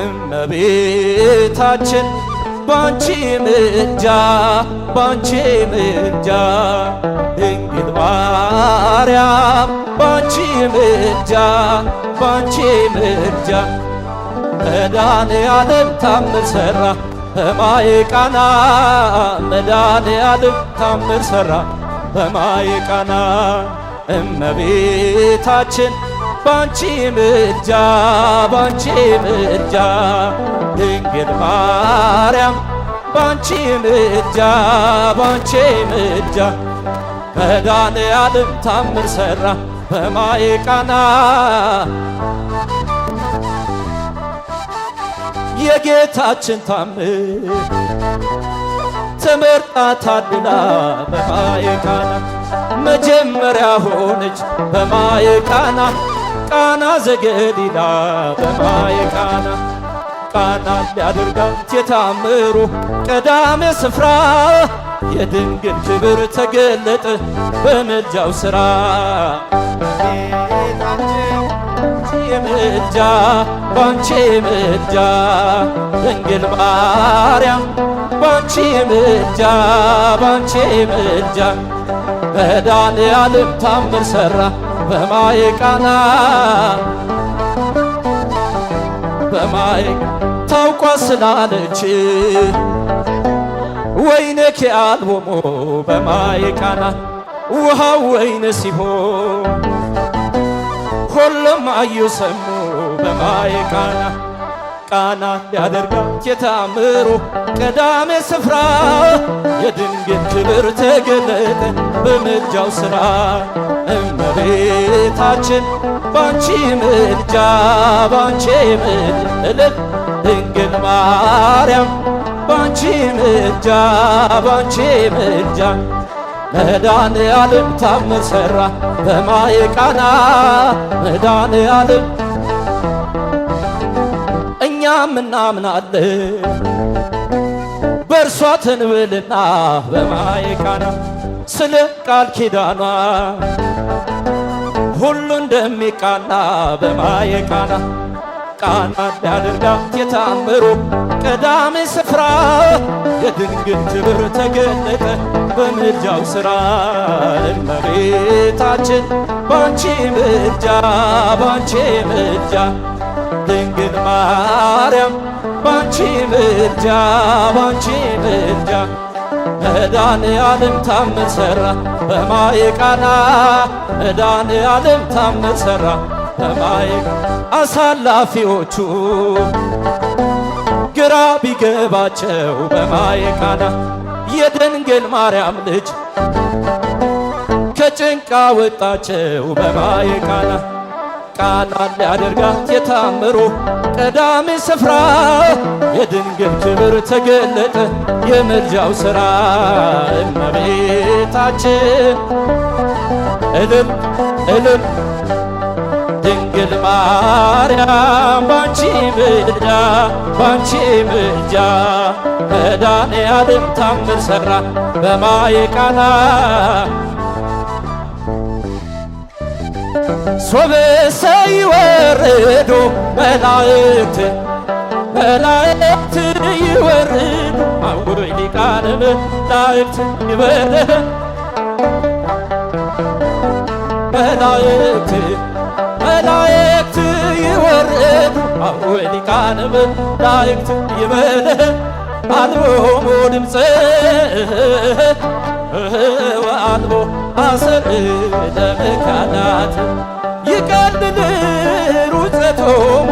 እመቤታችን ባንቺ ምልጃ ባንቺ ምልጃ ድንግል ማርያም ባንቺ ምልጃ ባንቺ ምልጃ መድኃኔዓለም ታምር ሠራ በማየ ቃና መድኃኔዓለም ታምር ሠራ በማየ ቃና እመቤታችን ባንቺ ምልጃ ባንቺ ምልጃ ድንግል ማርያም ባንቺ ምልጃ ባንቺ ምልጃ መዳን ያለም ታምር ሰራ በማየ ቃና የጌታችን ታምር ትምህርት በማየ ቃና መጀመሪያ ሆነች በማየ ቃና ቃና ዘገሊላ በማየ ቃና ቃና ሊያደርጋት የታምሩ ቀዳሜ ስፍራ የድንግል ክብር ተገለጠ በምልጃው ሥራ ምልጃ ባንቺ ምልጃ ድንግል ማርያም ባንቺ ምልጃ ባንቺ ምልጃ መድኃኔዓለም ታምር ሠራ በማይ ቃና በማይ ታውቋ ስላለች ወይነ ኪአልቦሞ በማየ ቃና ውሃው ወይነ ሲሆን ሁሉም አዩ ሰሙ በማየ ቃና ቃና ሊያደርጋት የተአምሮ ቀዳሜ ስፍራ የድንግል ክብር ተገለጠ በምልጃው ሥራ ቤታችን ባንቺ ምልጃ ባንቺ ምልዕል ድንግል ማርያም ባንቺ ምልጃ ባንቺ ምልጃ መዳን ያለም ታምር ሠራ በማየ ቃና መዳን ያለም እኛም እናምናለን በእርሷ ትንብልና በማየ ቃና ስለ ቃል ኪዳኗ ሁሉ እንደሚቃና በማየ ቃና ቃና ያደርጋ የታምሩ ቀዳሚ ስፍራ የድንግል ክብር ተገለጠ በምልጃው ስራ እመቤታችን ባንቺ ምልጃ ባንቺ ምልጃ ድንግል ማርያም ባንቺ ምልጃ ባንቺ ምልጃ መድኃኔዓለም ታምር ሠራ በማየ ቃና መድኃኔዓለም ታምር ሠራ በማየ አሳላፊዎቹ ግራ ቢገባቸው በማየ ቃና የድንግል ማርያም ልጅ ከጭንቃ ወጣቸው በማየ ቃና ቃናን ሊያደርጋት የታምሩ ቀዳሚ ስፍራ የድንግል ክብር ተገለጠ የምልጃው ሥራ እመቤታችን እልል እልል ድንግል ማርያም ባንቺ ምልጃ ባንቺ ምልጃ መድኃኔዓለም ታምር ሠራ በማየ ቃና ሶበሰ ይወርዱ መላእክት መላእክት ይወርዱ አውይ ሊቃነ መላእክት ይበርህ መላእክት መላእክት ይወርዱ አውይ ሊቃነ መላእክት ይበርህ አልቦሙ ድምፀ ወአልቦ አሰር ለመካናት ይቀልል ሩፀቶሙ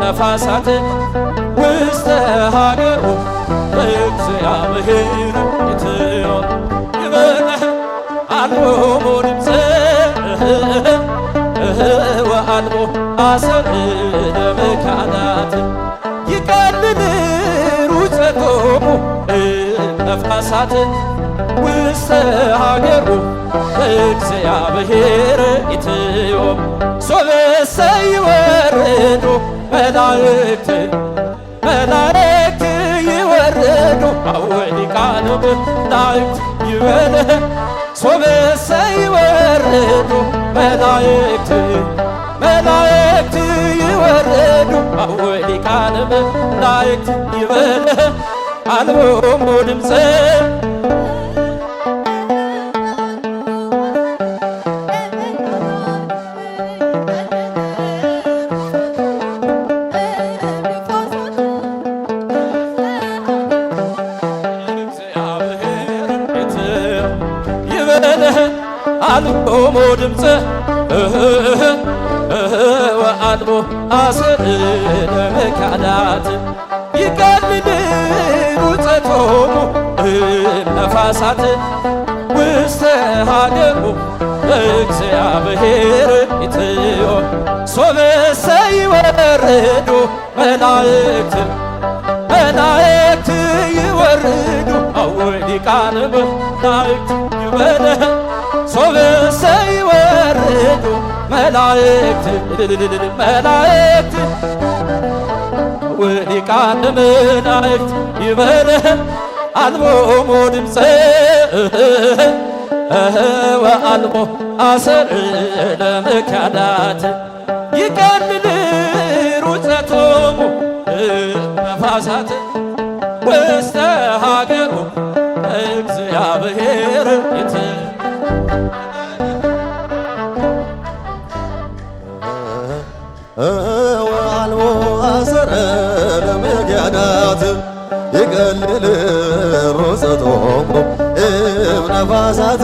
ነፋሳት ውስተ ሀገሩ በእግዚአብሔር የትሆን ይበለህ አልቦሙ ድምፀ ወአልቦ አሰር ለመካናት ነፋሳት ውስተ ሀገሩ እግዚአብሔር ኢትዮም ሶበሰ ይወርዱ መላእክት መላእክት ይወርዱ አወዲቃነ መላእክት ይበለ ሶበሰ ይወርዱ መላእክት መላእክት ይወርዱ አወዲቃነ መላእክት ይበለ አልቦሙ ድምፅ አልቦሙ ድምፅ ወአልቦ አስር ለመካዳት ቶሙ ነፋሳት ውስተ ሀደሙ እግዚአብሔር ኢትዮ ሶበሰ ይወርዱ መላእክት መላእክት ይወርዱ አወዲቃን መላእክት ይበለ ሶበሰ ይወርዱ መላእክት መላእክት ጻድቃን መላእክት ይበረ አልቦሙ ድምፀ ወአልቦ አሰር ለምካዳት ይቀልል ሩፀቶሙ መፋሳት ውስተ ሀገሩ እግዚአብሔር ይት ናት ይቀልል ሮሰቶ እብነፋሳት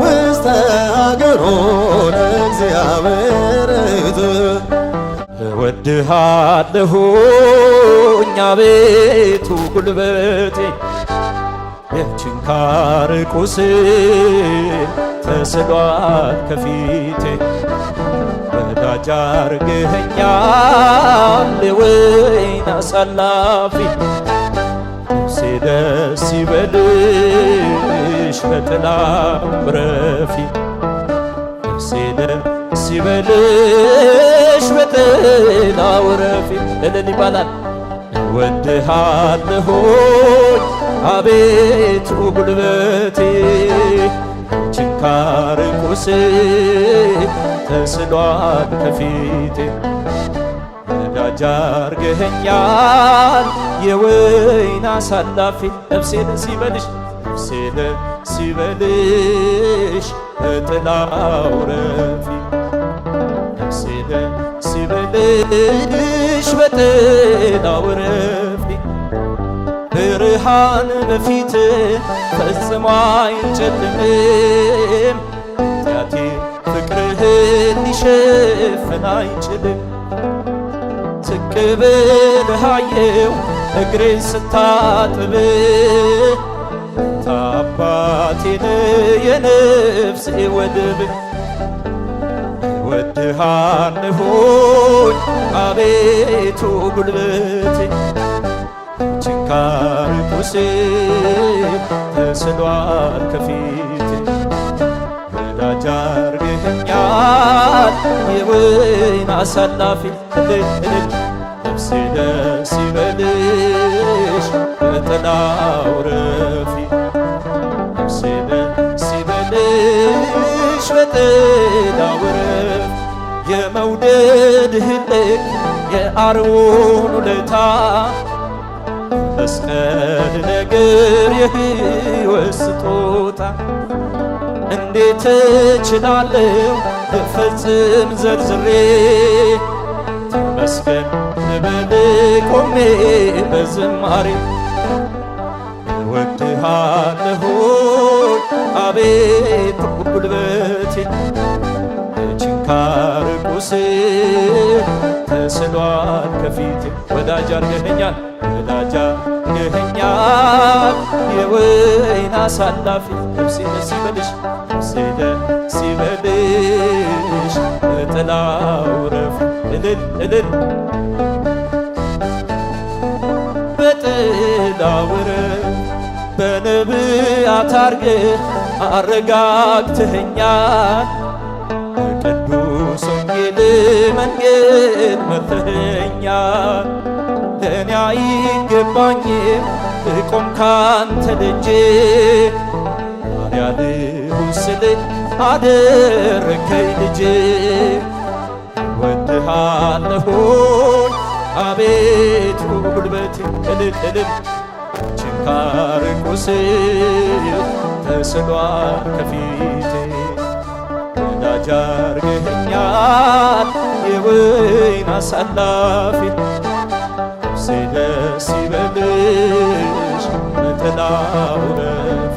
ውስተ ሀገሮን እግዚአብሔርት እወድሃለሁ እኛ ቤቱ ጉልበቴ የችንካር ቁስል ተስሏል ከፊቴ ወዳጅ አርገኸኛል ወይን አሳላፊ ነፍሴ ደስ ይበልሽ በጥላ ረፊ ነፍሴ ደስ ይበልሽ በጥላ ረፊ እልል ይባላል እወድሃለሁ አቤቱ ጉልበቴ የመካረኝ ቁርሴ ተስሏል ከፊቴ ነዳጅ አርገኸኛል የወይን አሳላፊ ነፍሴን ሲበልሽ ነፍሴን ሲበልሽ በጥላው ረፊ ነፍሴን ሲበልሽ በጥላው ረፊ ብርሃን በፊት ፈጽሞ አይጨልምም። ኃጢአቴ ፍቅርህን ሊሸፍን አይችልም። ዝቅ ብለህ አየው እግሬን ስታጥብ ታባቴን የነፍሴ ወደብ ወድሃንሆኝ አቤቱ ጉልበቴ ካርቁሴ ተስሏል ከፊት ወዳጅ አርገኛል የወይን አሳላፊ እልል ነፍሴ ደስ ይበልሽ በጥላው ረፊ ነፍሴ ደስ ይበልሽ በጥላው ረፊ የመውደድ ህልቅ የአርዮን ውለታ ነገር የህይወት ስጦታ እንዴት እችላለሁ ልፈጽም ዘርዝሬ ተመስገን ልበል ቆሜ በዝማሬ እወድሃለሁ አቤት ጉልበቴ ችንካር ቁስል ተስሏል ከፊቴ ወዳጅ አርገኸኛል ወዳጃ የወይን አሳላፊ ነፍሴ ደስ ይበልሽ፣ ነፍሴ ደስ ይበልሽ፣ በጥላው ረፍ እልል እልል በጥላው ረፍ በነቢያት አርገህ አረጋግተኸኛል በቅዱስ ወንጌል መንገድ መርተኸኛል ለእኔ አይገባኝም ልቆም ካንተ ደጅ ባሪያ ልሁን ስል አደረከኝ ልጅ እወድሃለሁኝ አቤቱ ጉልበቴ እልል እልል ችንካር ቁስል ተስሏል ከፊቴ ወዳጅ አርገኸኛል የወይን አሳላፊ ነፍሴ ደስ ይበልሽ በተላውረ